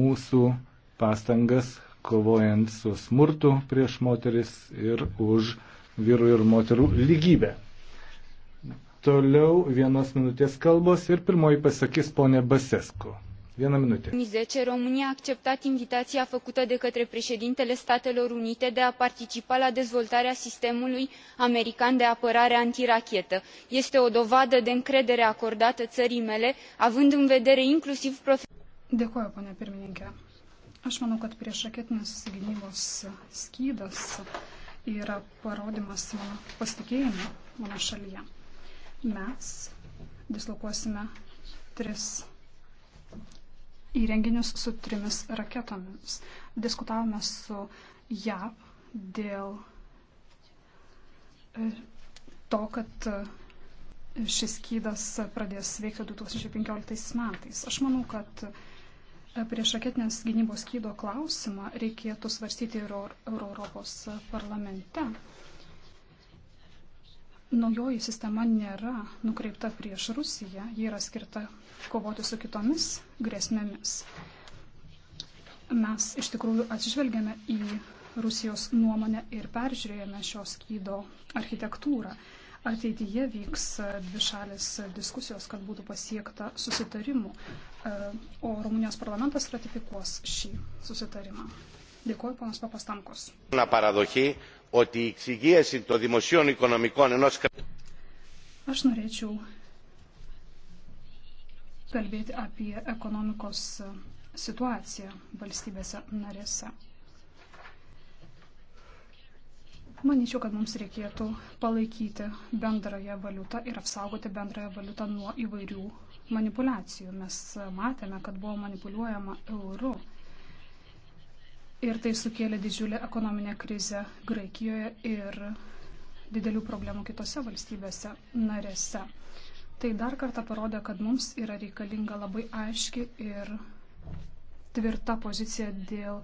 mūsų pastangas kovojant su smurtu prieš moteris ir už vyrų ir moterų lygybę. Toliau vienos minutės kalbos ir pirmoji pasakys ponė Basesku. Vieną minutę. 2010, România a acceptat invitația făcută de către președintele Statelor Unite de a participa la dezvoltarea sistemului american de apărare antirachetă. Este o dovadă de încredere acordată țării mele, având în vedere inclusiv profesionalismul Dėkuoju, ponė pirmininkė. Aš manau, kad prieš raketinės gynybos skydas yra parodimas mano pasitikėjimo mano šalyje. Mes dislokuosime tris įrenginius su trimis raketomis. Diskutavome su JAV dėl e, to, kad e, šis skydas pradės veikti 2015 metais. Aš manau, kad Prieš raketinės gynybos skydo klausimą reikėtų svarstyti ir Euro Europos parlamente. Naujoji sistema nėra nukreipta prieš Rusiją, ji yra skirta kovoti su kitomis grėsmėmis. Mes iš tikrųjų atsižvelgėme į Rusijos nuomonę ir peržiūrėjome šios skydo architektūrą. Ateityje vyks dvišalės diskusijos, kad būtų pasiekta susitarimų o Rumunijos parlamentas ratifikuos šį susitarimą. Dėkuoju, ponas Papastamkos. Nu, aš norėčiau kalbėti apie ekonomikos situaciją valstybėse narėse. Manyčiau, kad mums reikėtų palaikyti bendrąją valiutą ir apsaugoti bendrąją valiutą nuo įvairių manipulacijų. Mes matėme, kad buvo manipuliuojama euru. Ir tai sukėlė didžiulę ekonominę krizę Graikijoje ir didelių problemų kitose valstybėse narėse. Tai dar kartą parodė, kad mums yra reikalinga labai aiški ir tvirta pozicija dėl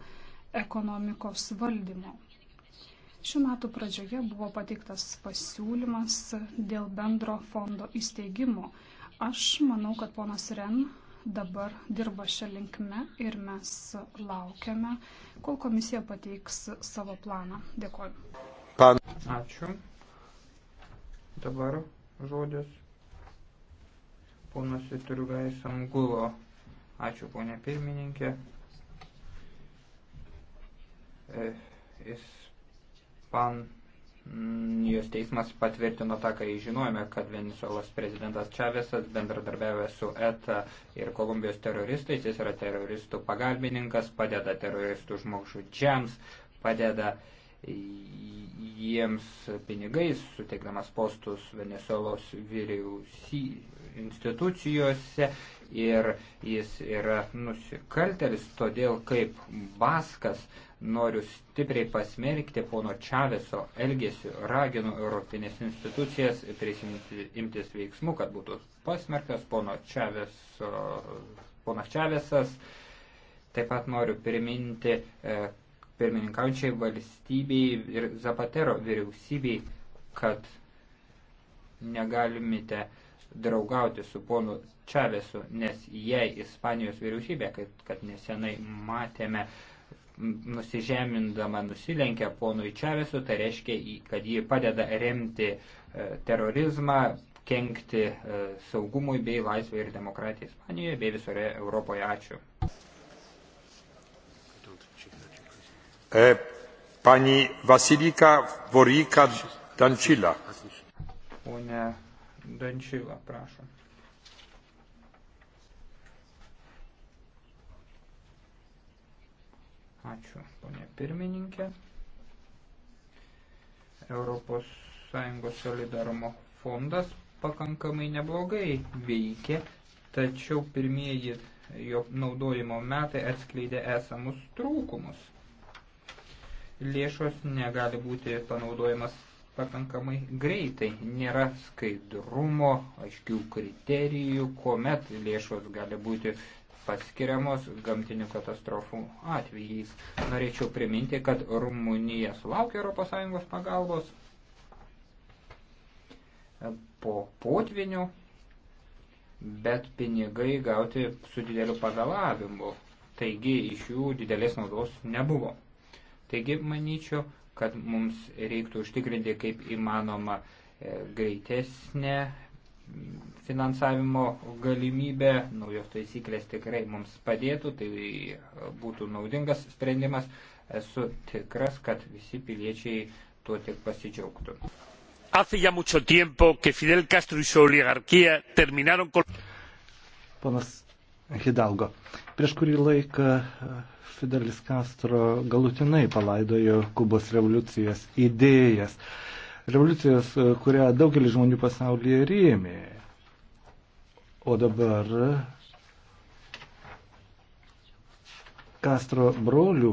ekonomikos valdymo. Šių metų pradžioje buvo pateiktas pasiūlymas dėl bendro fondo įsteigimo Aš manau, kad ponas Ren dabar dirba šią linkme ir mes laukiame, kol komisija pateiks savo planą. Dėkuoju. Pan. Ačiū. Dabar žodis ponas Iturgai Samgulo. Ačiū, ponė pirmininkė. Eh, Ispan Mm, Jos teismas patvirtino tą, ką žinojome, kad Venezuelos prezidentas Čavesas bendradarbiavė su ETA ir Kolumbijos teroristais, jis yra teroristų pagalbininkas, padeda teroristų žmogžudžiams, padeda jiems pinigais, suteikdamas postus Venezuelos vyriausy institucijose ir jis yra nusikaltelis, todėl kaip Baskas Noriu stipriai pasmerkti pono Čaveso elgesių, raginu Europinės institucijas prisimtis veiksmų, kad būtų pasmerktas pono Čaveso, ponas Čavesas. Taip pat noriu priminti e, pirmininkaučiai valstybei ir Zapatero vyriausybei, kad negalimite draugauti su ponu Čavesu, nes jei Ispanijos vyriausybė, kad, kad nesenai matėme, nusižemindama nusilenkia ponui Čavesu, tai reiškia, kad ji padeda remti e, terorizmą, kenkti e, saugumui bei laisvę ir demokratiją Ispanijoje bei visoje Europoje. Ačiū. E, pani Vasilika Vorika Dančila. Pone Dančila, prašom. Ačiū, ponė pirmininkė. Europos Sąjungos solidarumo fondas pakankamai neblogai veikė, tačiau pirmieji jo naudojimo metai atskleidė esamus trūkumus. Lėšos negali būti panaudojamas pakankamai greitai, nėra skaidrumo, aiškių kriterijų, kuomet lėšos gali būti paskiriamos gamtinių katastrofų atvejais. Norėčiau priminti, kad Rumunija sulaukė ES pagalbos po potvinių, bet pinigai gauti su dideliu pavėlavimu. Taigi iš jų didelės naudos nebuvo. Taigi manyčiau, kad mums reiktų užtikrinti kaip įmanoma e, greitesnę finansavimo galimybė, naujos taisyklės tikrai mums padėtų, tai būtų naudingas sprendimas. Esu tikras, kad visi piliečiai tuo tik pasidžiaugtų. Hace ya mucho tiempo que Fidel Castro y su oligarquía terminaron con. Ponas Hidalgo, prieš kurį laiką e, Fidelis Castro galutinai palaidojo Kubos revoliucijos idėjas revoliucijos, e, kurią daugelis žmonių pasaulyje rėmė. O dabar Kastro brolių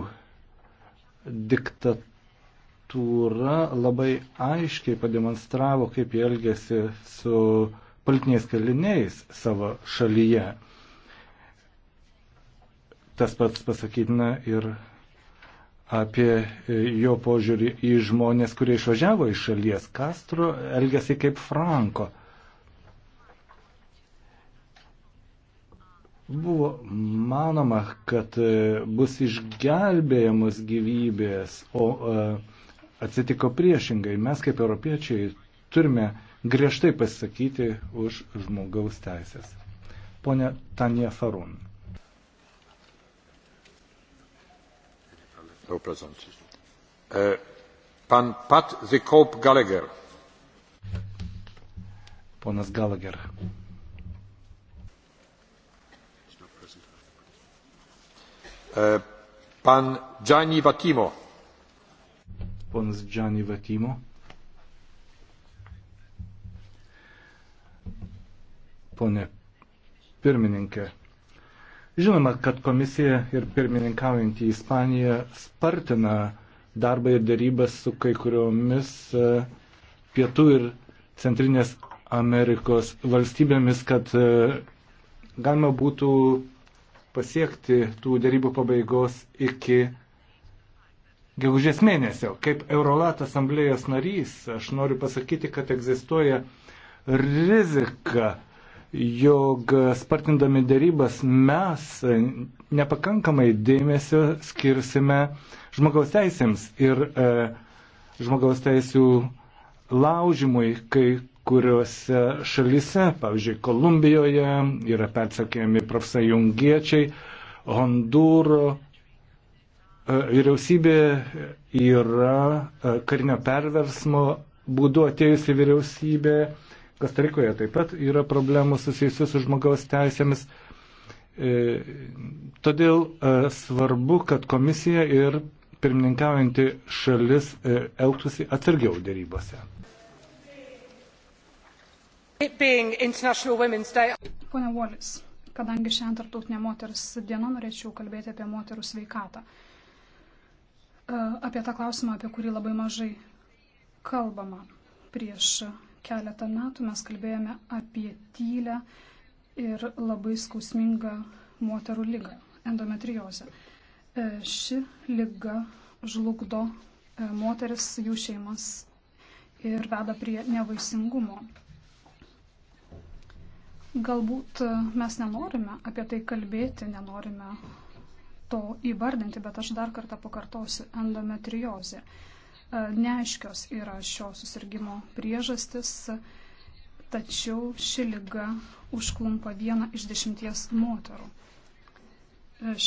diktatūra labai aiškiai pademonstravo, kaip jie elgėsi su politiniais kaliniais savo šalyje. Tas pats pasakytina ir apie e, jo požiūrį į žmonės, kurie išvažiavo iš šalies. Kastro elgėsi kaip Franko. Buvo manoma, kad e, bus išgelbėjamos gyvybės, o e, atsitiko priešingai. Mes kaip europiečiai turime griežtai pasisakyti už žmogaus teisės. Pone Tanja Farun. był present. Euh, pan Pat the Cope Gallagher. Ponas Gallagher. Euh, pan Gianni Vatimo. Ponas Gianni Vatimo. Pone pirmininkė, Žinoma, kad komisija ir pirmininkaujantį Ispaniją spartina darbą ir darybas su kai kuriomis e, pietų ir centrinės Amerikos valstybėmis, kad e, galima būtų pasiekti tų darybų pabaigos iki gegužės mėnesio. Kaip Eurolat asamblėjos narys, aš noriu pasakyti, kad egzistuoja rizika jog spartindami dėrybas mes nepakankamai dėmesio skirsime žmogaus teisėms ir e, žmogaus teisų laužimui, kai kuriuose šalise, pavyzdžiui, Kolumbijoje yra persekiojami profsąjungiečiai, Hondūro e, vyriausybė yra e, karinio perversmo būdu atėjusi vyriausybė, e, Kastarikoje taip pat yra problemų susijusių su žmogaus teisėmis. E, todėl e, svarbu, kad komisija ir pirmininkaujanti šalis e, elgtųsi atsargiau dėrybose. Pone Volis, kadangi šiandien tarptautinė moters diena, norėčiau kalbėti apie moterų sveikatą. Apie tą klausimą, apie kurį labai mažai kalbama prieš keletą metų mes kalbėjome apie tylę ir labai skausmingą moterų lygą - endometriozę. E, ši lyga žlugdo e, moteris, jų šeimas ir veda prie nevaisingumo. Galbūt e, mes nenorime apie tai kalbėti, nenorime to įvardinti, bet aš dar kartą pakartosiu - endometriozė neaiškios yra šio susirgymo priežastis, tačiau ši lyga užklumpa vieną iš dešimties moterų.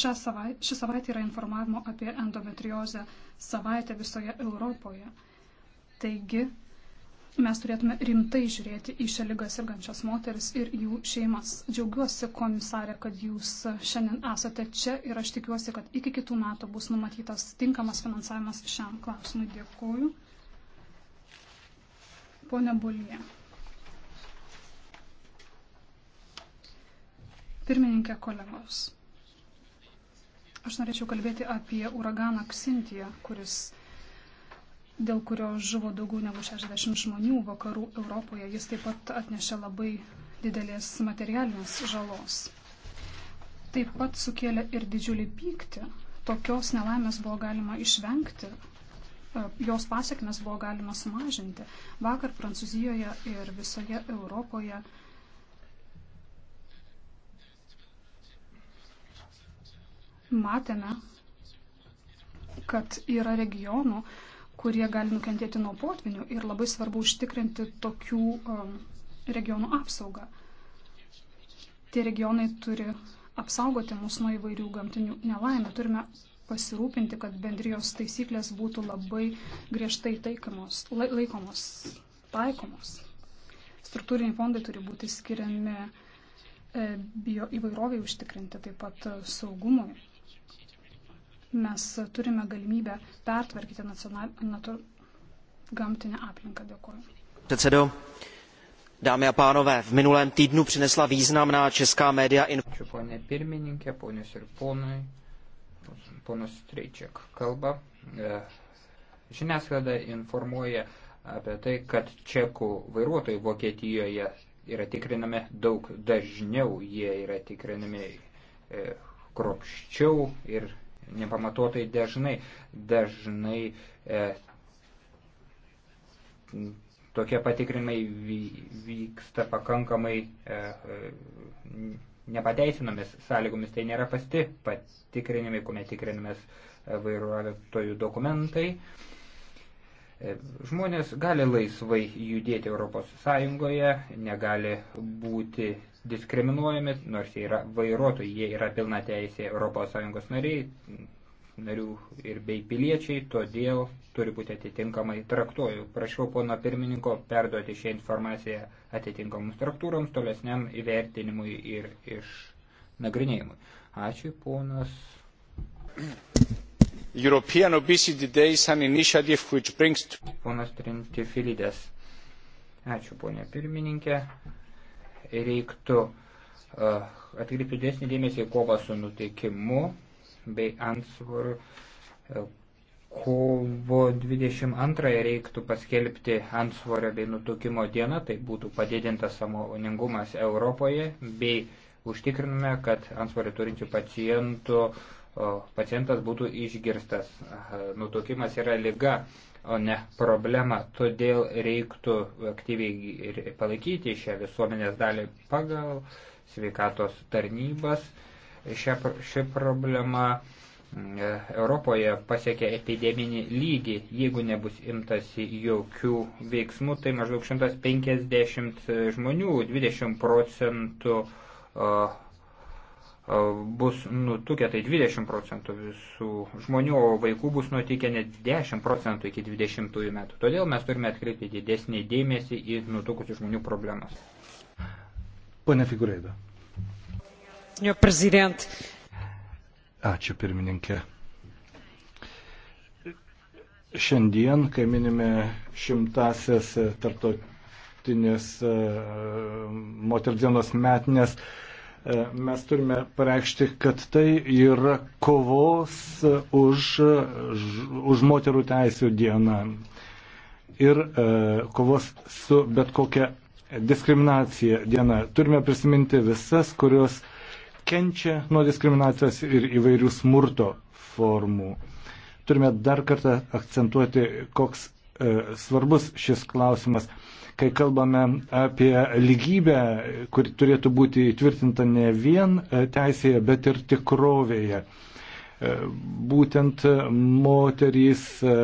Šią savaitę, ši savaitė yra informavimo apie endometriozę savaitę visoje Europoje. Taigi mes turėtume rimtai žiūrėti į šią lygą sirgančias moteris ir jų šeimas. Džiaugiuosi, komisarė, kad jūs šiandien esate čia ir aš tikiuosi, kad iki kitų metų bus numatytas tinkamas finansavimas šiam klausimui. Dėkuoju. Pone Bulė. Pirmininkė kolegos. Aš norėčiau kalbėti apie uraganą Ksintiją, kuris dėl kurio žuvo daugiau negu 60 žmonių vakarų Europoje. Jis taip pat atnešė labai didelės materialinės žalos. Taip pat sukėlė ir didžiulį pyktį. Tokios nelaimės buvo galima išvengti, e, jos pasiekmes buvo galima sumažinti. Vakar Prancūzijoje ir visoje Europoje matėme, kad yra regionų, kurie gali nukentėti nuo potvinių ir labai svarbu užtikrinti tokių um, regionų apsaugą. Tie regionai turi apsaugoti mus nuo įvairių gamtinių nelaimė. Turime pasirūpinti, kad bendrijos taisyklės būtų labai griežtai taikamos, laikomos, taikomos. Struktūriniai fondai turi būti skiriami e, bio įvairoviai užtikrinti, taip pat saugumui mes turime galimybę pertvarkyti nacional... natur... gamtinę aplinką. Dėkuoju. Předsedo, dámy a pánové, v minulém týdnu přinesla významná česká média informace. Ponas Streičiak kalba. E, žiniasklaida informuoja apie tai, kad čekų vairuotojai Vokietijoje yra tikrinami daug dažniau, jie yra tikrinami e, kropščiau ir nepamatuotai dažnai. Dažnai e, tokie patikrinimai vyksta pakankamai e, e, nepateisinomis sąlygomis. Tai nėra pasti patikrinimai, kuomet tikrinimės e, vairuotojų dokumentai. E, žmonės gali laisvai judėti Europos Sąjungoje, negali būti diskriminuojami, nors jie yra vairuotojai, jie yra pilna teisė ES nariai, narių ir bei piliečiai, todėl turi būti atitinkamai traktuoju. Prašau pono pirmininko perduoti šią informaciją atitinkamus struktūroms, tolesniam įvertinimui ir išnagrinėjimui. Ačiū, ponas. European Obesity Day is an initiative which brings to... Ponas Trintifilidės. Ačiū, ponė pirmininkė reiktų uh, atkreipti dėsnį dėmesį į kovą su nutikimu bei antsvoru. Uh, kovo 22 reiktų paskelbti antsvorio bei nutukimo dieną, tai būtų padidintas samoningumas Europoje bei užtikriname, kad antsvorį turinčių pacientų uh, pacientas būtų išgirstas. Nutukimas yra lyga, o ne problema. Todėl reiktų aktyviai palaikyti šią visuomenės dalį pagal sveikatos tarnybas. Šia, ši problema e, Europoje pasiekė epideminį lygį. Jeigu nebus imtasi jokių veiksmų, tai maždaug 150 žmonių, 20 procentų bus nutukę tai 20 procentų visų žmonių, o vaikų bus nutikę net 10 procentų iki 20 metų. Todėl mes turime atkreipti didesnį dėmesį į nutukusių žmonių problemas. Pane Figureido. Jo prezident. Ačiū pirmininkė. Šiandien, kai minime šimtasias tarptautinės e, moters dienos metinės, E, mes turime pareikšti, kad tai yra kovos už, už moterų teisų dieną ir e, kovos su bet kokia diskriminacija diena. Turime prisiminti visas, kurios kenčia nuo diskriminacijos ir įvairių smurto formų. Turime dar kartą akcentuoti, koks e, svarbus šis klausimas. E, kai kalbame apie lygybę, kuri turėtų būti įtvirtinta ne vien e, teisėje, bet ir tikrovėje. E, būtent moterys e,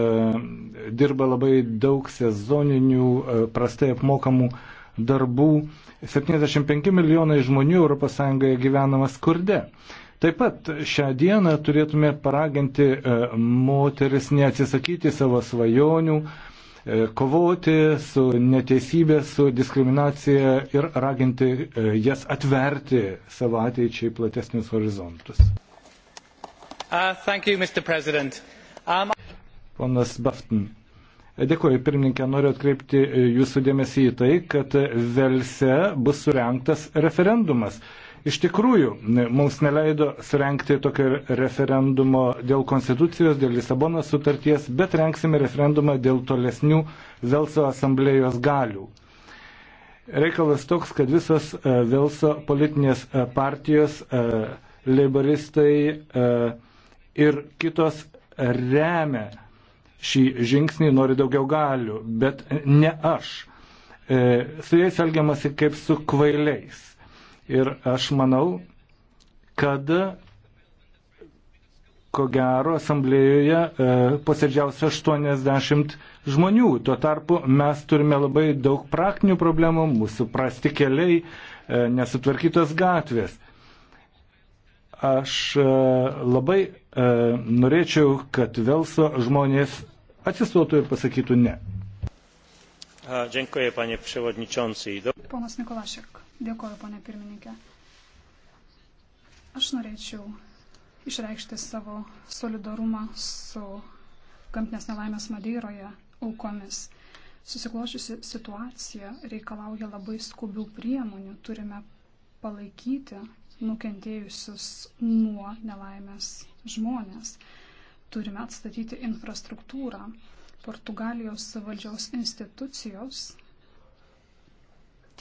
dirba labai daug sezoninių, prastai apmokamų darbų. 75 milijonai žmonių ES gyvenama skurde. Taip pat šią dieną turėtume paraginti moteris neatsisakyti savo svajonių, E, kovoti su neteisybė, su diskriminacija ir raginti e, jas atverti savo ateičiai platesnius horizontus. Uh, you, um... Ponas Bafton, Dėkuoju, pirmininkė, noriu atkreipti e, jūsų dėmesį į tai, kad Velse bus surinktas referendumas iš tikrųjų mums neleido surenkti tokio referendumo dėl konstitucijos, dėl Lisabonos sutarties, bet renksime referendumą dėl tolesnių Velso asamblėjos galių. Reikalas toks, kad visos e, Velso politinės e, partijos, e, leiboristai ir kitos remia šį žingsnį, nori daugiau galių, bet ne aš. Su jais elgiamasi kaip su kvailiais Ir aš manau, kad ko gero asamblėjoje e, posėdžiausia 80 žmonių. Tuo tarpu mes turime labai daug praktinių problemų, mūsų prasti keliai, e, nesutvarkytos gatvės. Aš e, labai e, norėčiau, kad Velso žmonės atsistotų ir pasakytų ne. Dziękuję, panie przewodniczący. Ponas Nikolašek. Dėkoju, ponė pirmininkė. Aš norėčiau išreikšti savo solidarumą su gamtinės nelaimės Madeiroje aukomis. Susiklošiusi situacija reikalauja labai skubių priemonių. Turime palaikyti nukentėjusius nuo nelaimės žmonės. Turime atstatyti infrastruktūrą. Portugalijos valdžios institucijos,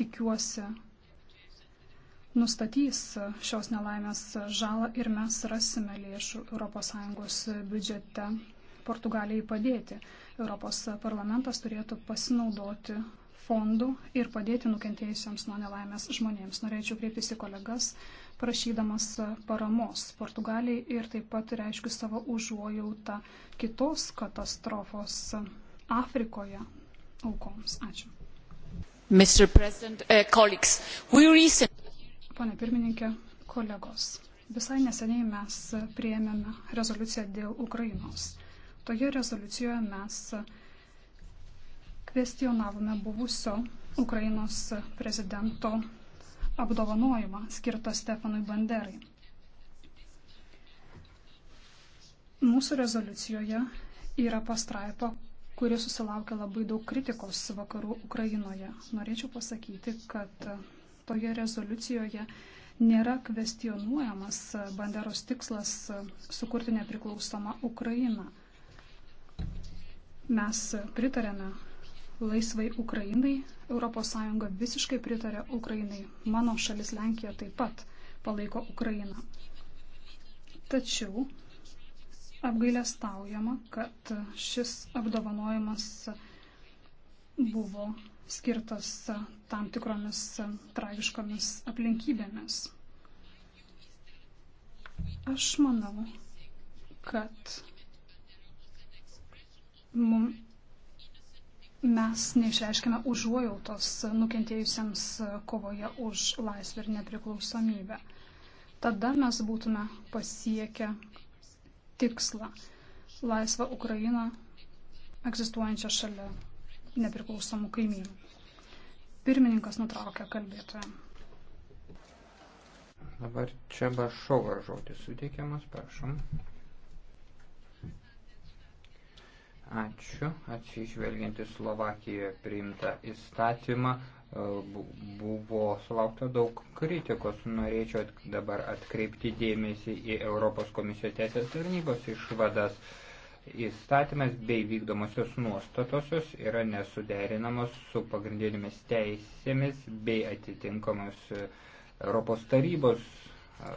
tikiuosi, nustatys šios nelaimės žalą ir mes rasime lėšų ES biudžete Portugalijai padėti. Europos parlamentas turėtų pasinaudoti fondų ir padėti nukentėjusiems nuo nelaimės žmonėms. Norėčiau kreiptis į kolegas, prašydamas paramos Portugalijai ir taip pat reiškiu savo užuojautą kitos katastrofos Afrikoje aukoms. Ačiū. Mr. President, uh, colleagues, we recently Pone pirmininkė, kolegos, visai neseniai mes prieėmėme rezoliuciją dėl Ukrainos. Toje rezoliucijoje mes kvestionavome buvusio Ukrainos prezidento apdovanojimą skirtą Stefanui Banderai. Mūsų rezoliucijoje yra pastraipa, kuri susilaukia labai daug kritikos vakarų Ukrainoje. Norėčiau pasakyti, kad toje rezoliucijoje nėra kvestionuojamas Banderos tikslas sukurti nepriklausomą Ukrainą. Mes pritarėme laisvai Ukrainai, ES visiškai pritarė Ukrainai, mano šalis Lenkija taip pat palaiko Ukrainą. Tačiau apgailestaujama, kad šis apdovanojimas buvo skirtas tam tikromis tragiškomis aplinkybėmis. Aš manau, kad mums mes neišreiškime užuojautos nukentėjusiems kovoje už laisvę ir nepriklausomybę. Tada mes būtume pasiekę tikslą - laisvą Ukrainą egzistuojančią šalia nepriklausomų kaimynų. Pirmininkas nutraukė kalbėtoją. Dabar čia Bašova žodis suteikiamas, prašom. Ačiū. Atsižvelginti Slovakijoje priimtą įstatymą e, buvo sulaukta daug kritikos. Norėčiau dabar atkreipti dėmesį į Europos komisijos teisės tarnybos išvadas įstatymas bei vykdomosios nuostatosios yra nesuderinamos su pagrindinėmis teisėmis bei atitinkamos e, Europos tarybos e,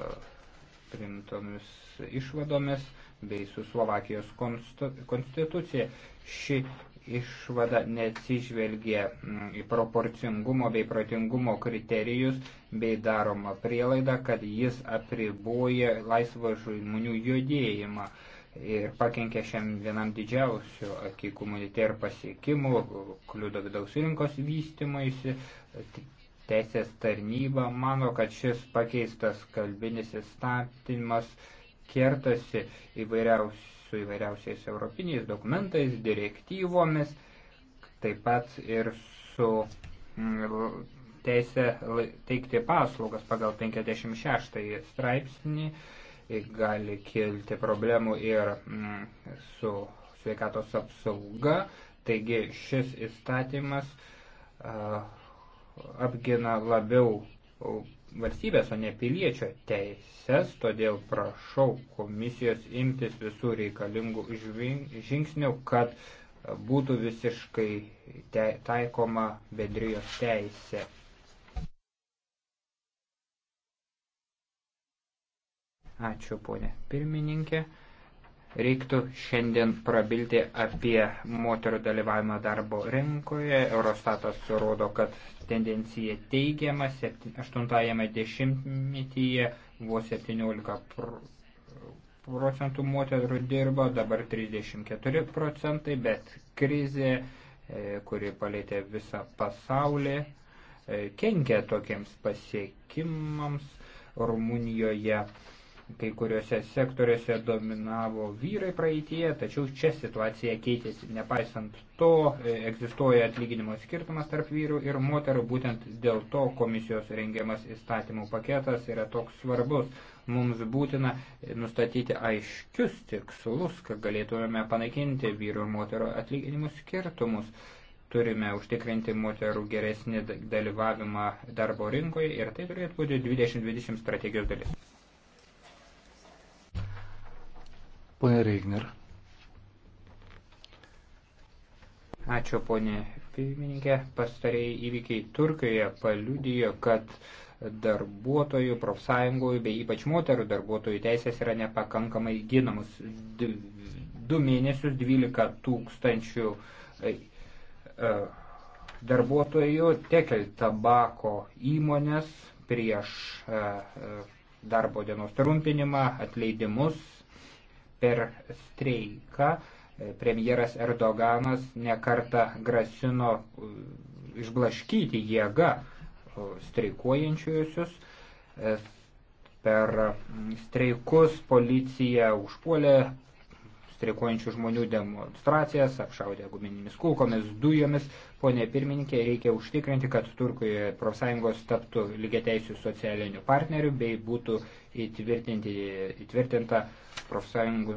primtomis išvadomis bei su Slovakijos konstitucija. Ši išvada neatsižvelgia į proporcingumo bei protingumo kriterijus bei daroma prielaida, kad jis apriboja laisvą žmonių judėjimą ir pakenkė šiam vienam didžiausių akį komuniter pasiekimų, kliudo vidaus rinkos vystimuisi. Teisės tarnyba mano, kad šis pakeistas kalbinis įstatymas kertasi įvairiausių, įvairiausiais europiniais dokumentais, direktyvomis, taip pat ir su mm, teisė teikti paslaugas pagal 56 straipsnį gali kilti problemų ir mm, su sveikatos apsauga. Taigi šis įstatymas apgina labiau valstybės, o ne piliečio teises, todėl prašau komisijos imtis visų reikalingų žingsnių, kad būtų visiškai te, taikoma bendrijos teisė. Ačiū, ponė pirmininkė. Reiktų šiandien prabilti apie moterų dalyvavimą darbo rinkoje. Eurostatas rodo, kad tendencija teigiama. 80-ame dešimtmetyje buvo 17 procentų moterų dirbo, dabar 34 procentai, bet krizė, e, kuri palėtė visą pasaulį, e, kenkia tokiems pasiekimams Rumunijoje kai kuriuose sektoriuose dominavo vyrai praeitie, tačiau čia situacija keitėsi. Nepaisant to, e, egzistuoja atlyginimo skirtumas tarp vyrų ir moterų, būtent dėl to komisijos rengiamas įstatymų paketas yra toks svarbus. Mums būtina e, nustatyti aiškius tikslus, kad galėtume panaikinti vyrų ir moterų atlyginimų skirtumus turime užtikrinti moterų geresnį dalyvavimą darbo rinkoje ir tai turėtų būti 2020 strategijos dalis. Pone Reigner. Ačiū, ponė pirmininkė. Pastarėjai įvykiai Turkijoje paliudijo, kad darbuotojų, profsąjungų, bei ypač moterų darbuotojų teisės yra nepakankamai ginamus. Du mėnesius 12 tūkstančių e, e, darbuotojų tekel tabako įmonės prieš e, darbo dienos trumpinimą, atleidimus per streiką premjeras Erdoganas nekarta grasino uh, išblaškyti jėgą uh, streikuojančiuosius. Uh, per um, streikus policija užpuolė streikuojančių žmonių demonstracijas, apšaudė guminėmis kulkomis, dujomis. Pone pirmininkė, reikia užtikrinti, kad Turkijoje profsąjungos taptų lygiateisių socialinių partnerių bei būtų įtvirtinta profsąjungų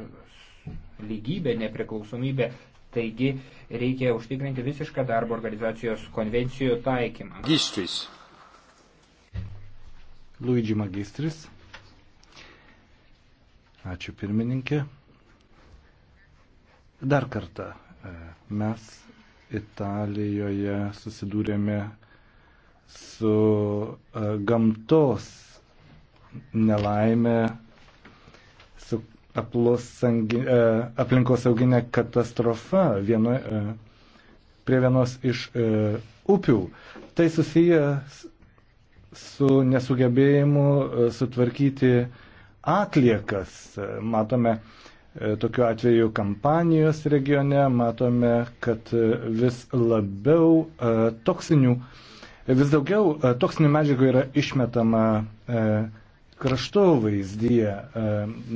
lygybė, nepriklausomybė. Taigi reikia užtikrinti visišką darbo organizacijos konvencijų taikymą. Gistris. Luigi Magistris. Ačiū pirmininkė. Dar kartą, e, mes Italijoje susidūrėme su e, gamtos nelaimė, su e, aplinkosauginė katastrofa vieno, prie vienos iš upių. Tai susiję su nesugebėjimu sutvarkyti atliekas. Matome, E, tokiu atveju kampanijos regione matome, kad vis labiau e, toksinių, vis daugiau e, toksinių medžiagų yra išmetama kraštovaizdyje.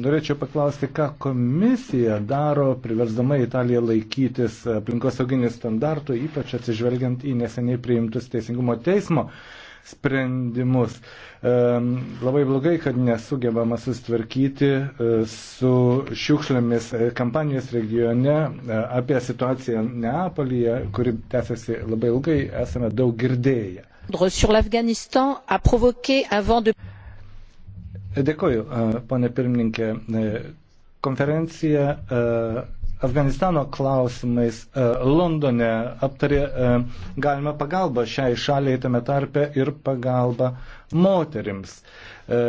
Norėčiau paklausti, ką komisija daro, priversdama Italiją laikytis aplinkosauginių standartų, ypač atsižvelgiant į neseniai priimtus Teisingumo teismo sprendimus. Labai blogai, kad nesugebama sustvarkyti e, su šiukšlėmis e, kampanijos regione e, apie situaciją Neapolyje, kuri tęsiasi labai ilgai, esame daug girdėję. Dėkoju, ponė pirmininkė. Konferencija Afganistano klausimais e, Londone aptarė e, galima pagalbą šiai šaliai tame tarpe ir pagalbą moterims. E,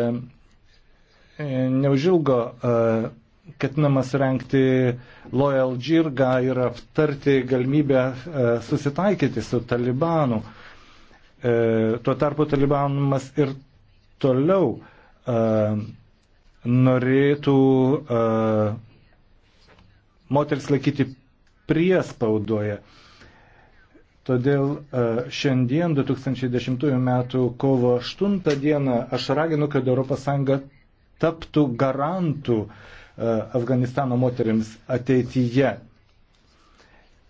neužilgo ketinamas renkti Loyal Jirga ir aptarti galimybę susitaikyti su talibanu. Tuo tarpu talibanas ir toliau norėtų moteris laikyti priespaudoje. Todėl e, šiandien 2010 m. kovo 8 d. aš raginu, kad ES taptų garantų e, Afganistano moteriams ateityje.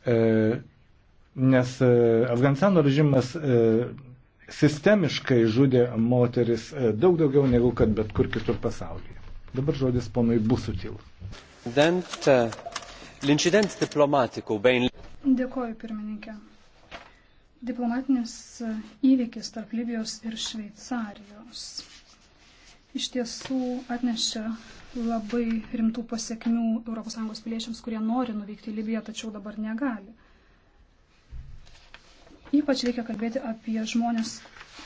E, nes Afganistano režimas sistemiškai žudė moteris daug daugiau negu kad bet kur kitur pasaulyje. Dabar žodis ponui Busutil. Dente. L-incident diplomatiku bejn. Dėkoju, pirmininkė. Diplomatinis įvykis tarp Libijos ir Šveicarijos iš tiesų atnešė labai rimtų pasiekmių ES piliečiams, kurie nori nuvykti į Libiją, tačiau dabar negali. Ypač reikia kalbėti apie žmonės,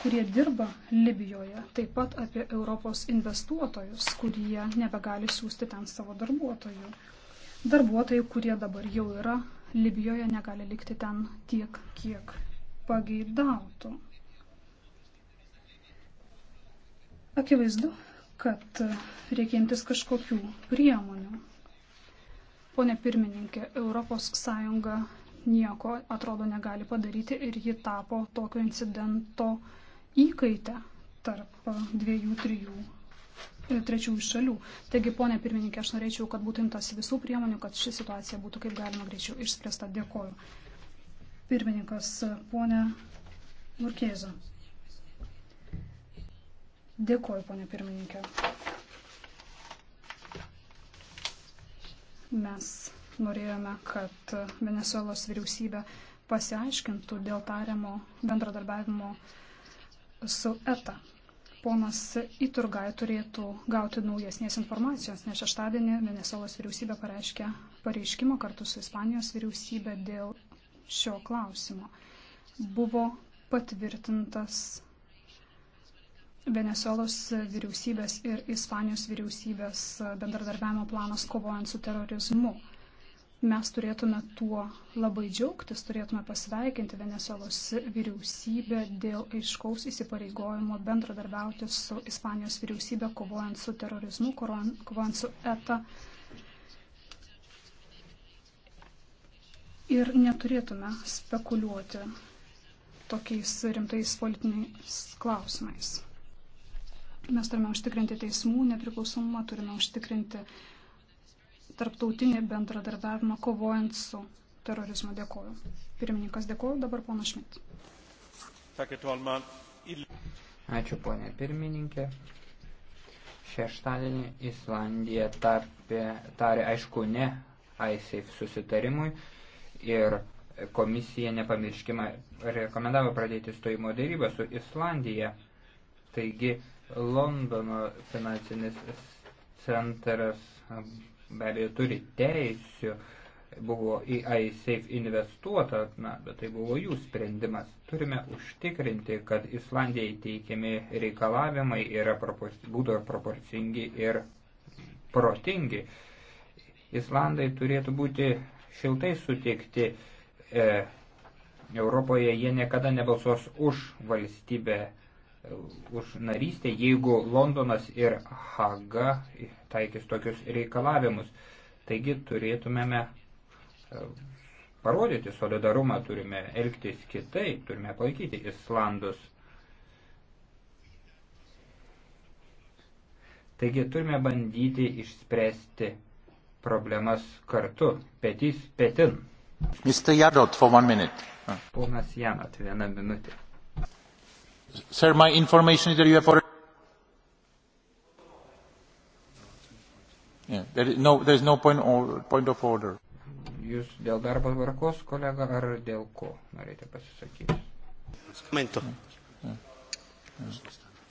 kurie dirba Libijoje, taip pat apie Europos investuotojus, kurie nebegali siūsti ten savo darbuotojų. Darbuotojai, kurie dabar jau yra Libijoje, negali likti ten tiek, kiek pageidautų. Akivaizdu, kad reikia imtis kažkokių priemonių. Pone pirmininkė, ES nieko atrodo negali padaryti ir ji tapo tokio incidento įkaitę tarp dviejų, trijų trečiųjų šalių. Taigi, ponė pirmininkė, aš norėčiau, kad būtų imtas visų priemonių, kad ši situacija būtų kaip galima greičiau išspręsta. Dėkoju. Pirmininkas, ponė Murkėza. Dėkoju, ponė pirmininkė. Mes norėjome, kad Venezuelos vyriausybė pasiaiškintų dėl tariamo bendradarbiavimo su ETA ponas Iturgai turėtų gauti naujesnės informacijos, nes šeštadienį Venezuelos vyriausybė pareiškė pareiškimą kartu su Ispanijos vyriausybė dėl šio klausimo. Buvo patvirtintas Venezuelos vyriausybės ir Ispanijos vyriausybės bendradarbiavimo planas kovojant su terorizmu. Mes turėtume tuo labai džiaugtis, turėtume pasveikinti Venezuelos vyriausybę dėl aiškaus įsipareigojimo bendradarbiauti su Ispanijos vyriausybė, kovojant su terorizmu, kovojant su ETA. Ir neturėtume spekuliuoti tokiais rimtais politiniais klausimais. Mes turime užtikrinti teismų nepriklausomumą, turime užtikrinti uh, tarptautinį bendradarbiavimą kovojant su terorizmu. Dėkoju. Pirmininkas dėkoju, dabar pono Šmit. Ačiū ponė pirmininkė. Šeštadienį Islandija tarpė, tarė aišku ne ISAF susitarimui ir komisija nepamirškima rekomendavo pradėti stojimo dėrybą su Islandija. Taigi Londono finansinis centras be abejo turi teisių, buvo į iSafe investuota, na, bet tai buvo jų sprendimas. Turime užtikrinti, kad Islandijai teikiami reikalavimai yra proporci būtų proporcingi ir protingi. Islandai turėtų būti šiltai sutikti. E, Europoje jie niekada nebalsuos už valstybę, e, už narystę, jeigu Londonas ir Haga taikys tokius reikalavimus. Taigi turėtumėme e, parodyti solidarumą, turime elgtis kitaip, turime palaikyti Islandus. Taigi turime bandyti išspręsti problemas kartu, petys petin. Mr. Jadot, for one minute. Ponas Janat, vieną minutę. Sir, my information is that you have already... Yeah. There is no, there is no point, or, point of order. Jūs dėl darbo tvarkos, kolega, ar dėl ko norite pasisakyti? Momento.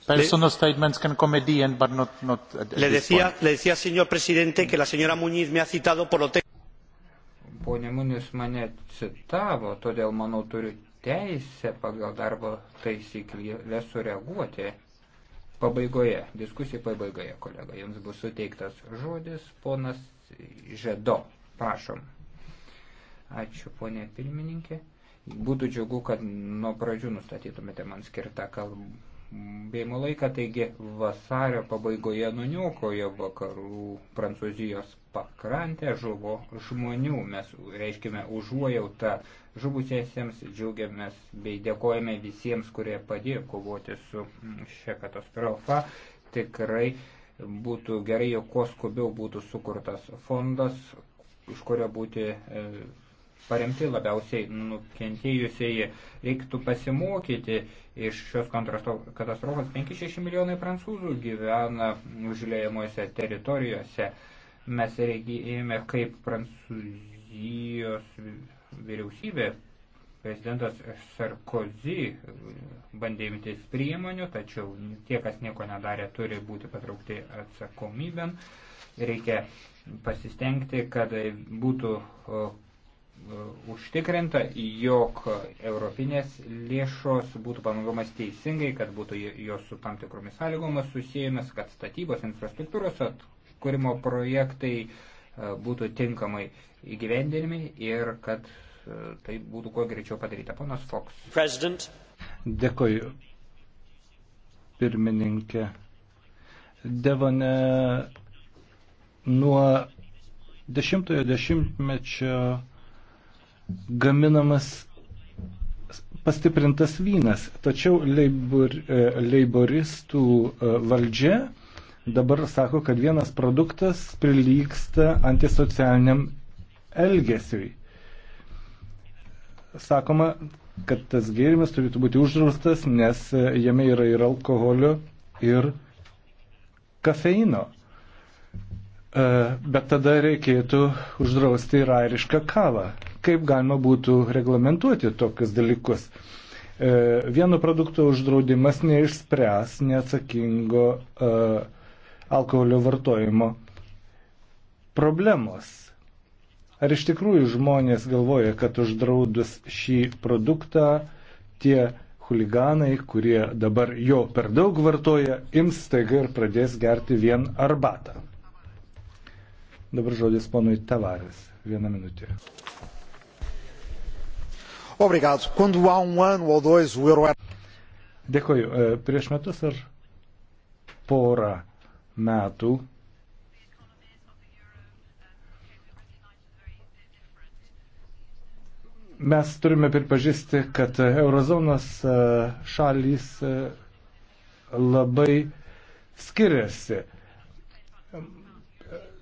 Personal statements can come at the end, but not, not at le decía, point. le decía, señor presidente, que la señora Muñiz me ha citado por lo técnico. Pone Muñiz mane citavo, todėl, manau, turiu teisę pagal darbo taisyklę sureaguoti pabaigoje, diskusijų pabaigoje, kolega, jums bus suteiktas žodis, ponas Žedo, prašom. Ačiū, ponė pirmininkė. Būtų džiugu, kad nuo pradžių nustatytumėte man skirtą kalbą bėjimo laiką, taigi vasario pabaigoje nuniokojo vakarų Prancūzijos pakrantę, žuvo žmonių. Mes reiškime užuojautą žuvusiesiems, džiaugiamės bei dėkojame visiems, kurie padėjo kovoti su šia katastrofa. Tikrai būtų gerai, jog kuo skubiau būtų sukurtas fondas, iš kurio būti e, paremti labiausiai nukentėjusieji. Reiktų pasimokyti iš šios katastrofos. 5-6 milijonai prancūzų gyvena užliejamuose teritorijuose. Mes regėjome, kaip prancūzijos vyriausybė, prezidentas Sarkozy bandė imtis priemonių, tačiau tie, kas nieko nedarė, turi būti patraukti atsakomybėn. Reikia pasistengti, kad būtų E, užtikrinta, jog europinės lėšos būtų panaudomas teisingai, kad būtų jos su tam tikromis sąlygomis susijimas, kad statybos infrastruktūros atkūrimo projektai e, būtų tinkamai įgyvendinami ir kad e, tai būtų kuo greičiau padaryta. Ponas Fox. President. Dėkoju. Pirmininkė. Devone nuo dešimtojo dešimtmečio gaminamas pastiprintas vynas. Tačiau leibor, e, leiboristų e, valdžia dabar sako, kad vienas produktas prilyksta antisocialiniam elgesiui. Sakoma, kad tas gėrimas turėtų būti uždraustas, nes e, jame yra ir alkoholio, ir kafeino. Bet tada reikėtų uždrausti ir airišką kavą kaip galima būtų reglamentuoti tokius dalykus. E, vieno produkto uždraudimas neišspręs neatsakingo e, alkoholio vartojimo problemos. Ar iš tikrųjų žmonės galvoja, kad uždraudus šį produktą tie huliganai, kurie dabar jo per daug vartoja, ims staiga ir pradės gerti vien arbatą. Dabar žodis ponui Tavaris. Vieną minutę. Obrigado. Quando há um ano ou dois o euro era. Dėkoju. E, prieš metus ar porą metų mes turime pripažisti, kad eurozonos e, šalys e, labai skiriasi.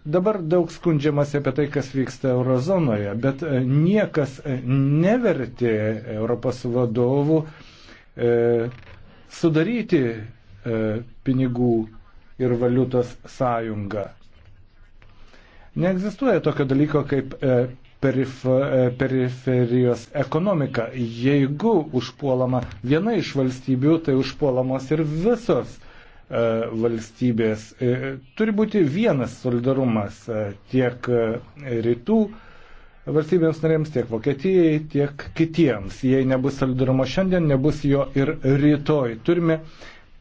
Dabar daug skundžiamasi apie tai, kas vyksta eurozonoje, bet e, niekas e, nevertė Europos vadovų e, sudaryti e, pinigų ir valiutos sąjungą. Neegzistuoja tokio dalyko kaip e, perif, e, periferijos ekonomika. Jeigu užpuolama viena iš valstybių, tai užpuolamos ir visos. E, valstybės. E, turi būti vienas solidarumas e, tiek rytų valstybėms narėms, tiek Vokietijai, tiek kitiems. Jei nebus solidarumo šiandien, nebus jo ir rytoj. Turime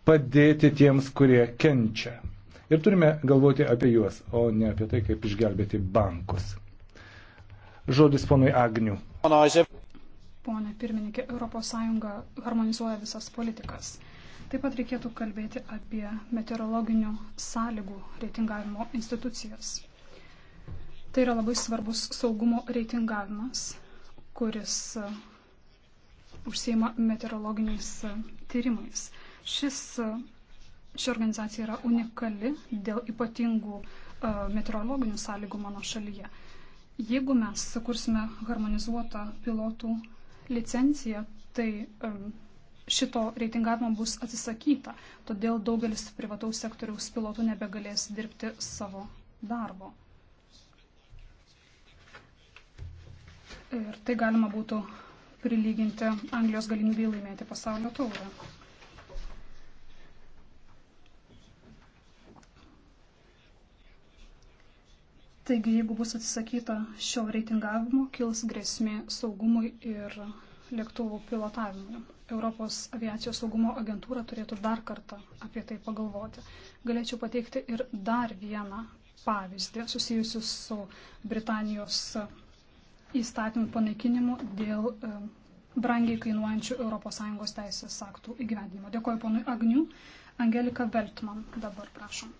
padėti tiems, kurie kenčia. Ir turime galvoti apie juos, o ne apie tai, kaip išgelbėti bankus. Žodis ponui Agnių. Pone pirmininkė, ES harmonizuoja visas politikas. Taip pat reikėtų kalbėti apie meteorologinių sąlygų reitingavimo institucijas. Tai yra labai svarbus saugumo reitingavimas, kuris uh, užsieima meteorologiniais uh, tyrimais. Šis, uh, ši organizacija yra unikali dėl ypatingų meteorologinių sąlygų mano šalyje. Jeigu mes sukursime harmonizuotą pilotų licenciją, tai um, šito reitingavimo bus atsisakyta, todėl daugelis privataus sektoriaus pilotų nebegalės dirbti savo darbo. Ir tai galima būtų prilyginti Anglijos galimybėj laimėti pasaulio taurę. Taigi, jeigu bus atsisakyta šio reitingavimo, kils grėsmė saugumui ir lėktuvų pilotavimui. Europos aviacijos saugumo agentūra turėtų dar kartą apie tai pagalvoti. Galėčiau pateikti ir dar vieną pavyzdį susijusiu su Britanijos įstatymų panaikinimu dėl e, brangiai kainuojančių ES teisės aktų įgyvendinimo. Dėkuoju ponui Agniu. Angelika Veltman dabar prašom.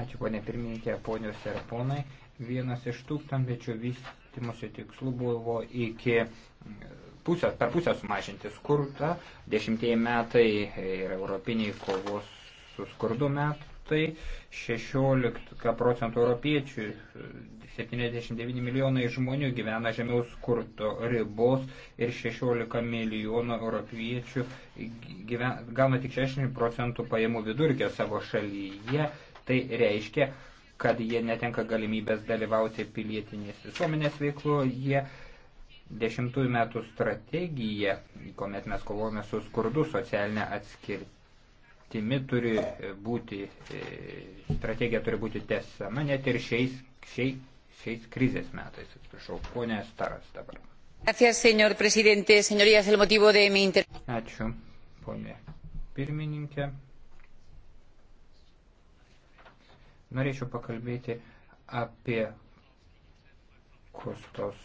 Ačiū, ponė pirmininkė, ponios ir ponai vienas iš tūkstantmečio vystimosi tikslų buvo iki mm, pusę, per pusę sumažinti skurdą. Dešimtieji metai yra europiniai kovos su skurdu metai. 16 procentų europiečių, 79 milijonai žmonių gyvena žemiau skurdo ribos ir 16 milijonų europiečių gyvena, gauna tik 60 procentų pajamų vidurkio savo šalyje. Tai reiškia, kad jie netenka galimybės dalyvauti pilietinės visuomenės veikloje. Dešimtųjų metų strategija, kuomet mes kovojame su skurdu socialinė atskirtimi, turi būti, e, strategija turi būti tesama net ir šiais, šiais, šiais krizės metais. Atsiprašau, ponė Staras dabar. señor presidente. Señorías, el motivo de mi intervención. Ačiū, ponė pirmininkė. Norėčiau pakalbėti apie kustos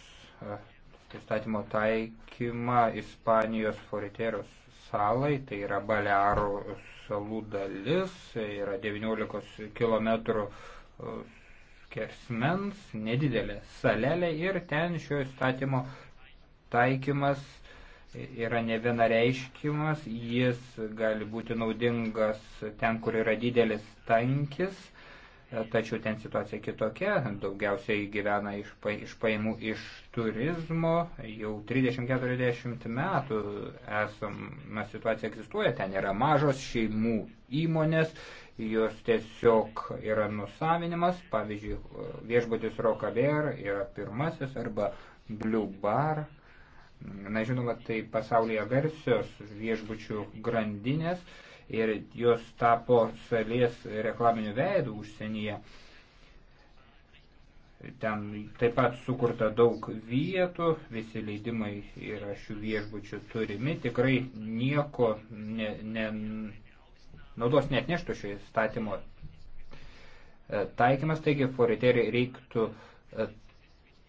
įstatymo taikymą Ispanijos Foriteros salai, tai yra Balearų salų dalis, tai yra 19 km skersmens, nedidelė salelė ir ten šio įstatymo taikymas yra ne vienareiškimas, jis gali būti naudingas ten, kur yra didelis tankis tačiau ten situacija kitokia, daugiausiai gyvena iš, iš paimų iš turizmo, jau 30-40 metų esama situacija egzistuoja, ten yra mažos šeimų įmonės, jos tiesiog yra nusavinimas, pavyzdžiui, viešbutis Rokaber yra pirmasis arba Blue Bar. Na, žinoma, tai pasaulyje garsios viešbučių grandinės, uh, ir jos tapo šalies reklaminių veidų užsienyje. Ten taip pat sukurta daug vietų, visi leidimai yra šių viešbučių turimi, tikrai nieko ne, ne, naudos net neštų šio įstatymo e, taikymas, taigi Foreterį reiktų e,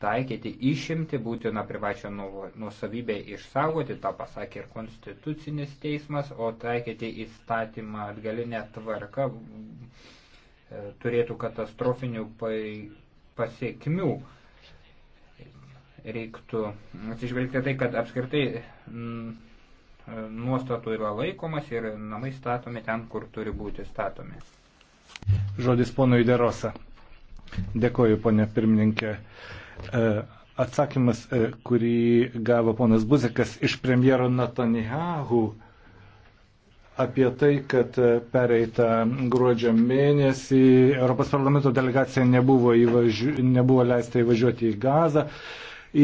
taikyti išimti, būtina privačią nuosavybę išsaugoti, tą pasakė ir konstitucinis teismas, o taikyti įstatymą atgalinę tvarką e, turėtų katastrofinių pasiekmių. Reiktų atsižvelgti tai, kad apskritai e, nuostatų yra laikomas ir namai statomi ten, kur turi būti statomi. Žodis ponui Derosa. Dėkoju, ponė pirmininkė. E, atsakymas, e, kurį gavo ponas Buzikas iš premjero Netanyahu apie tai, kad e, pereitą gruodžio mėnesį Europos parlamento delegacija nebuvo, įvažiu, nebuvo leista įvažiuoti į Gazą.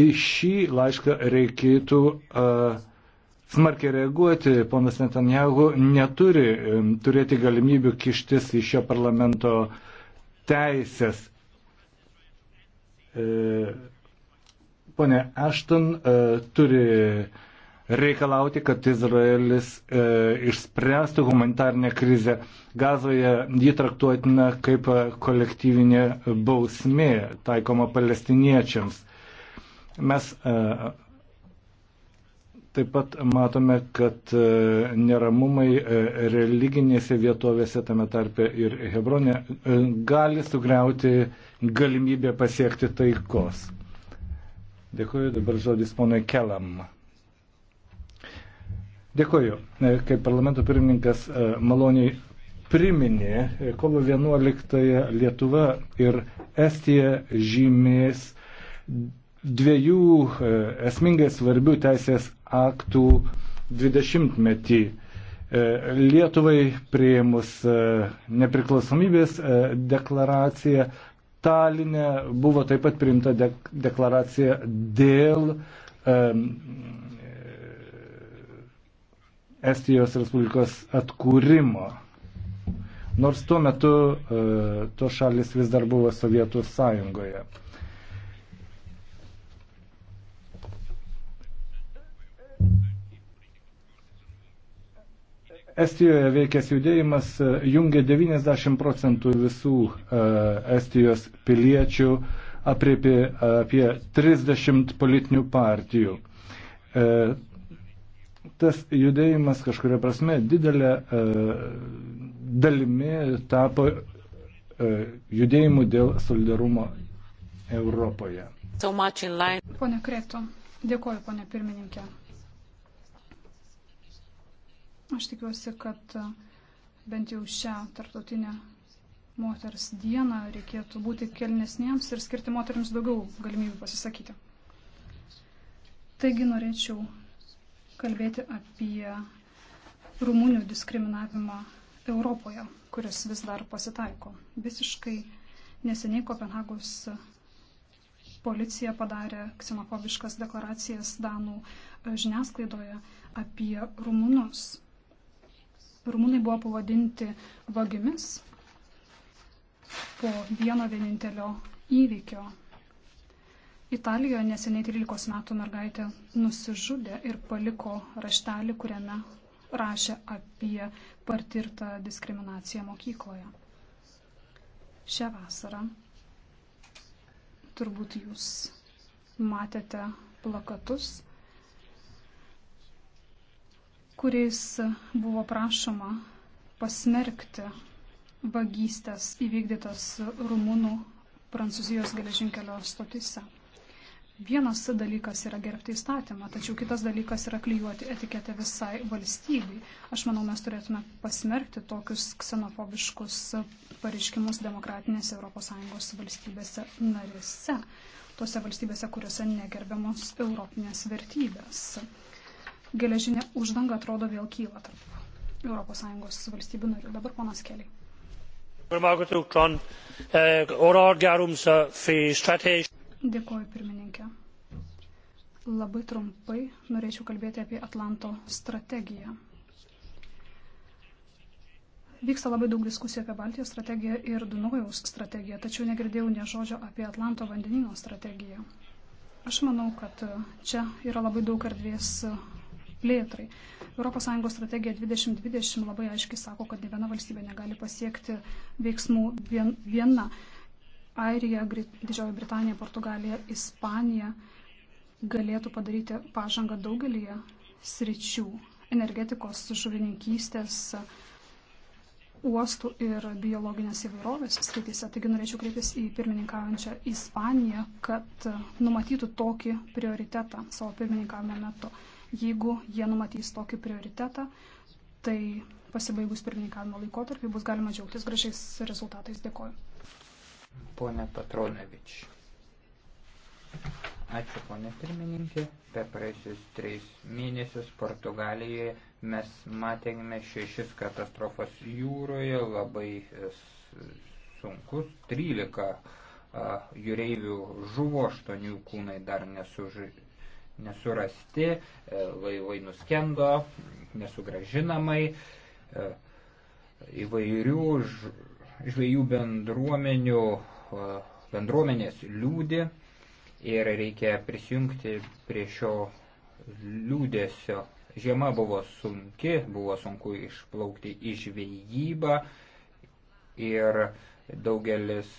Į šį laišką reikėtų uh, smarkiai reaguoti. Ponas Netanjahu neturi um, turėti galimybių kištis į šio parlamento teisės. E, pone Ashton e, turi reikalauti, kad Izraelis e, išspręstų humanitarnę krizę. Gazoje jį traktuotina kaip kolektyvinė bausmė taikoma palestiniečiams. Mes e, Taip pat matome, kad e, neramumai e, religinėse vietovėse, tame tarpe ir Hebronė, e, gali sugriauti galimybę pasiekti taikos. Dėkuoju, dabar žodis ponui Kelam. Dėkuoju. Kaip parlamento pirmininkas maloniai priminė, kovo 11-ąją Lietuva ir Estija žymės dviejų esmingai svarbių teisės aktų 20-metį. E, Lietuvai prieimus e, nepriklausomybės e, deklaraciją Talinė buvo taip pat priimta de deklaracija dėl um, Estijos Respublikos atkūrimo. Nors tuo metu uh, to šalis vis dar buvo Sovietų sąjungoje. Uh, Estijoje veikęs judėjimas e, jungia 90 procentų visų e, Estijos piliečių, apriepė apie 30 politinių partijų. E, tas judėjimas kažkuria prasme didelė dalimi tapo judėjimu dėl solidarumo Europoje. Pone Kreto, dėkoju, pone pirmininkė. Aš tikiuosi, kad e, bent jau šią tarptautinę moters dieną reikėtų būti kelnesniems ir skirti moteriams daugiau galimybių pasisakyti. Taigi norėčiau kalbėti apie rumūnių diskriminavimą Europoje, kuris vis dar pasitaiko. Visiškai neseniai Kopenhagos policija padarė ksenofobiškas deklaracijas Danų žiniasklaidoje apie rumūnus. Rumunai buvo pavadinti vagimis po vieno vienintelio įvykio. Italijoje neseniai 13 metų mergaitė nusižudė ir paliko raštelį, kuriame rašė apie patirtą diskriminaciją mokykloje. Šią vasarą turbūt jūs matėte plakatus kuriais buvo prašoma pasmerkti vagystės įvykdytas rumunų Prancūzijos geležinkelio stotise. Vienas dalykas yra gerbti įstatymą, tačiau kitas dalykas yra klyjuoti etiketę visai valstybei. Aš manau, mes turėtume pasmerkti tokius ksenofobiškus pareiškimus demokratinėse ES valstybėse narėse, tose valstybėse, kuriuose negerbiamos europinės vertybės geležinė uždanga atrodo vėl kyla tarp ES valstybių narių. Dabar ponas Keliai. Dėkuoju pirmininkė. Labai trumpai norėčiau kalbėti apie Atlanto strategiją. Vyksta labai daug diskusijų apie Baltijos strategiją ir Dunojaus strategiją, tačiau negirdėjau ne žodžio apie Atlanto vandenino strategiją. Aš manau, kad čia yra labai daug erdvės plėtrai. ES strategija 2020 labai aiškiai sako, kad ne viena valstybė negali pasiekti veiksmų vien, viena. Airija, Didžioji Britanija, Portugalija, Ispanija galėtų padaryti pažangą daugelįje sričių - energetikos, žuvininkystės, uostų ir biologinės įvairovės skaityse. Taigi norėčiau kreiptis į pirmininkaujančią Ispaniją, kad numatytų tokį prioritetą savo pirmininkavimo metu. Jeigu jie numatys tokį prioritetą, tai pasibaigus pirmininkavimo laikotarpį bus galima džiaugtis gražiais rezultatais. Dėkoju. Pone Patronevič. Ačiū, ponė pirmininkė. Per praėjusius trejus mėnesius Portugalijoje mes matėme šešis katastrofas jūroje, labai e, sunkus, 13 jūreivių žuvo, aštuonių kūnai dar nesuži, nesurasti, laivai e, nuskendo, nesugražinamai, e, įvairių žvėjų bendruomenių, e, bendruomenės liūdį ir reikia prisijungti prie šio liūdėsio. Žiema buvo sunki, buvo sunku išplaukti į žvejybą ir daugelis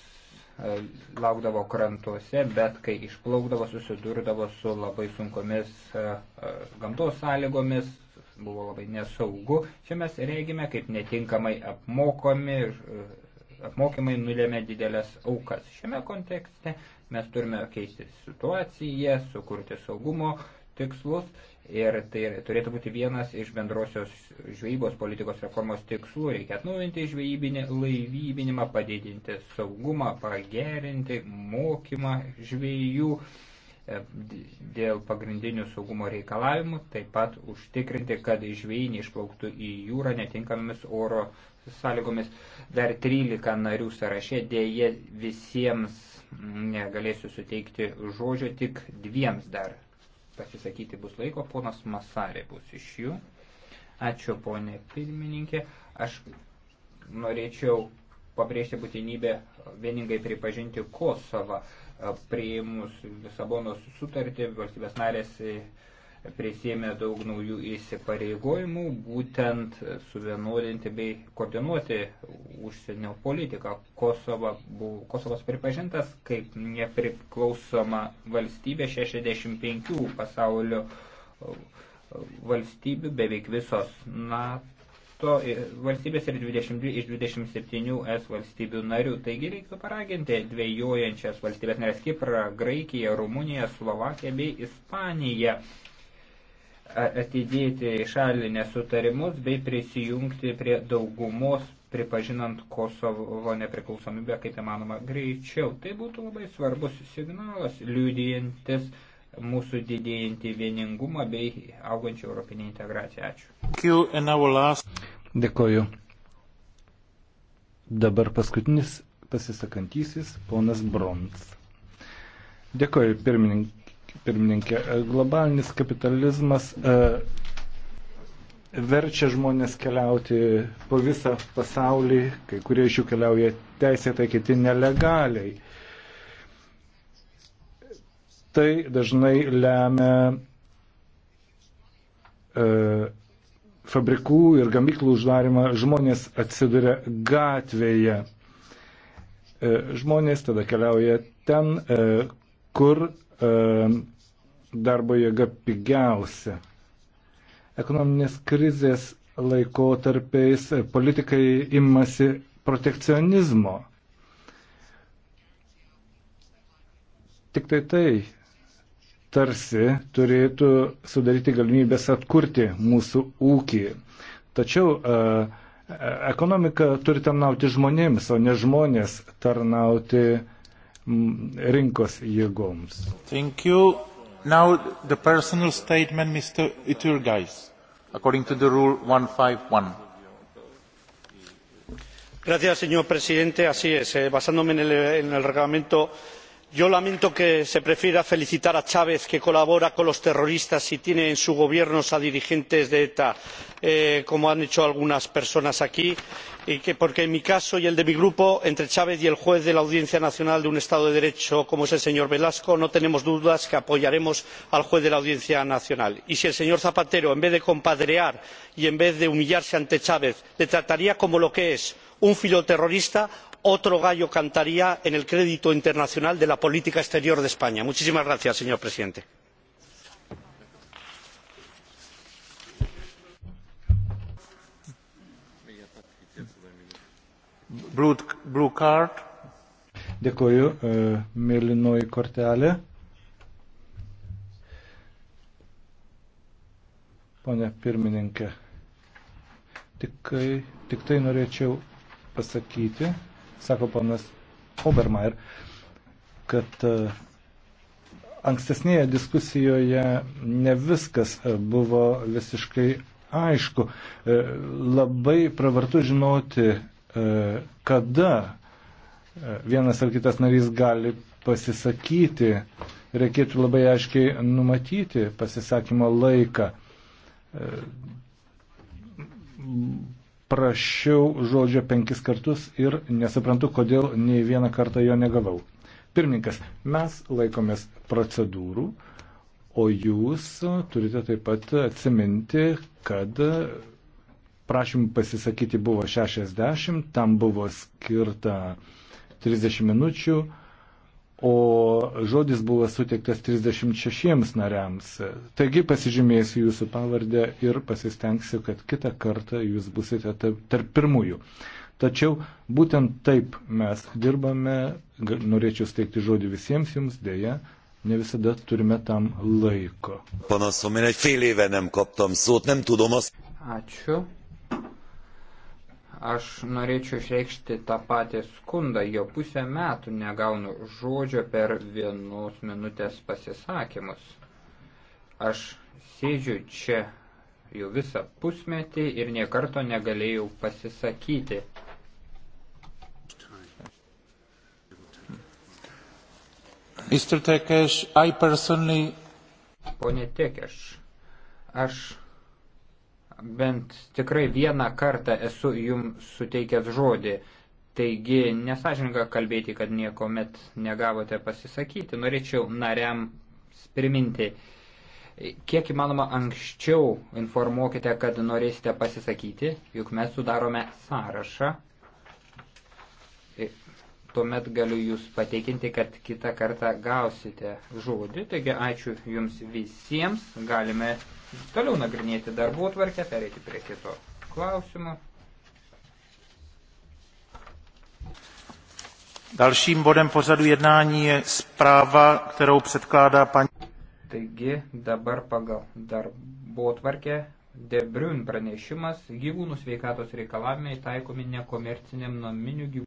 E, laukdavo krantuose, bet kai išplaukdavo, susidurdavo su labai sunkomis e, e, gamtos sąlygomis, buvo labai nesaugu. Čia mes reigime, kaip netinkamai apmokomi, apmokymai nulėmė didelės aukas. Šiame kontekste mes turime keisti situaciją, sukurti saugumo tikslus ir tai turėtų būti vienas iš bendrosios žvejybos politikos reformos tikslų. Reikia atnaujinti žvejybinį laivybinimą, padidinti saugumą, pagerinti mokymą žvejų e, dėl pagrindinių saugumo reikalavimų, taip pat užtikrinti, kad žvėjai neišplauktų į jūrą netinkamomis oro sąlygomis. Dar 13 narių sąraše dėje visiems negalėsiu suteikti žodžio, tik dviems dar pasisakyti bus laiko, ponas Masarė bus iš jų. Ačiū, ponė pirmininkė. Aš norėčiau pabrėžti būtinybę vieningai pripažinti Kosovą prieimus Lisabonos sutartį, valstybės narės prisėmė daug naujų įsipareigojimų, būtent suvienodinti bei koordinuoti užsienio politiką. Kosova buvo, Kosovas pripažintas kaip nepriklausoma valstybė 65 pasaulio e, valstybių, beveik visos NATO e, valstybės ir 22 iš 27 S valstybių narių. Taigi reiktų paraginti dviejojančias valstybės, nes Kiprą, Graikiją, Rumuniją, Slovakiją bei Ispaniją atidėti į šalį nesutarimus bei prisijungti prie daugumos, pripažinant Kosovo nepriklausomybę kaip įmanoma greičiau. Tai būtų labai svarbus signalas, liūdijantis mūsų didėjantį vieningumą bei augančią europinį integraciją. Ačiū. Dėkoju. Dabar paskutinis pasisakantysis ponas Brons. Dėkoju, pirmininkai pirmininkė. E, globalinis kapitalizmas e, verčia žmonės keliauti po visą pasaulį, kai kurie iš jų keliauja teisėtai, kiti nelegaliai. Tai dažnai lemia e, fabrikų ir gamyklų uždarimą, žmonės atsiduria gatvėje. E, žmonės tada keliauja ten, e, kur e, darbo jėga pigiausia. Ekonominės krizės laikotarpiais politikai imasi protekcionizmo. Tik tai tai tarsi turėtų sudaryti galimybės atkurti mūsų ūkį. Tačiau e, e ekonomika turi tarnauti žmonėms, o ne žmonės tarnauti rinkos jėgoms. Thank you. Now the personal statement, Mr. Iturgais, according to the rule 151. Gracias, señor presidente. Así es. Eh, basándome en el, en el reglamento yo lamento que se prefiera felicitar a chávez que colabora con los terroristas y tiene en su gobierno a dirigentes de eta eh, como han hecho algunas personas aquí porque en mi caso y el de mi grupo entre chávez y el juez de la audiencia nacional de un estado de derecho como es el señor velasco no tenemos dudas de que apoyaremos al juez de la audiencia nacional. y si el señor zapatero en vez de compadrear y en vez de humillarse ante chávez le trataría como lo que es un filoterrorista otro gallo cantaría en el crédito internacional de la política exterior de españa. muchísimas gracias señor presidente. Dėkuoju, e, mėlynoji kortelė. Pone pirmininkė, tik, tik tai norėčiau pasakyti, sako ponas Obermeier, kad e, ankstesnėje diskusijoje ne viskas e, buvo visiškai aišku. E, labai pravartu žinoti, kada vienas ar kitas narys gali pasisakyti. Reikėtų labai aiškiai numatyti pasisakymo laiką prašiau žodžio penkis kartus ir nesuprantu, kodėl nei vieną kartą jo negavau. Pirmininkas, mes laikomės procedūrų, o jūs turite taip pat atsiminti, kad prašymų pasisakyti buvo 60, tam buvo skirta 30 minučių o žodis buvo suteiktas 36 nariams. Taigi pasižymėsiu jūsų pavardę ir pasistengsiu, kad kitą kartą jūs busite tarp pirmųjų. Tačiau būtent taip mes dirbame, norėčiau steigti žodį visiems jums, dėja, ne visada turime tam laiko. Panašu, minėt, fél éve nem kaptam szót, nem tudom azt. Ačiū. Aš norėčiau išreikšti tą patį skundą, jo pusę metų negaunu žodžio per vienos minutės pasisakymus. Aš sėdžiu čia jau visą pusmetį ir niekarto negalėjau pasisakyti. Mr. Tekeš, I personally. Pone Tekeš, aš bent tikrai vieną kartą esu jums suteikęs žodį. Taigi nesažininga kalbėti, kad nieko met negavote pasisakyti. Norėčiau nariam priminti, kiek įmanoma anksčiau informuokite, kad norėsite pasisakyti, juk mes sudarome sąrašą. Tuomet galiu jūs pateikinti, kad kitą kartą gausite žodį. Taigi ačiū jums visiems. Galime toliau nagrinėti darbų tvarkę, perėti prie kito klausimo. Dalším bodem pořadu jednání je zpráva, kterou předkládá paní. Taigi dabar pagal darbo tvarkę Debriun pranešimas gyvūnų sveikatos reikalavimai taikomi nekomerciniam naminių gyvūnų.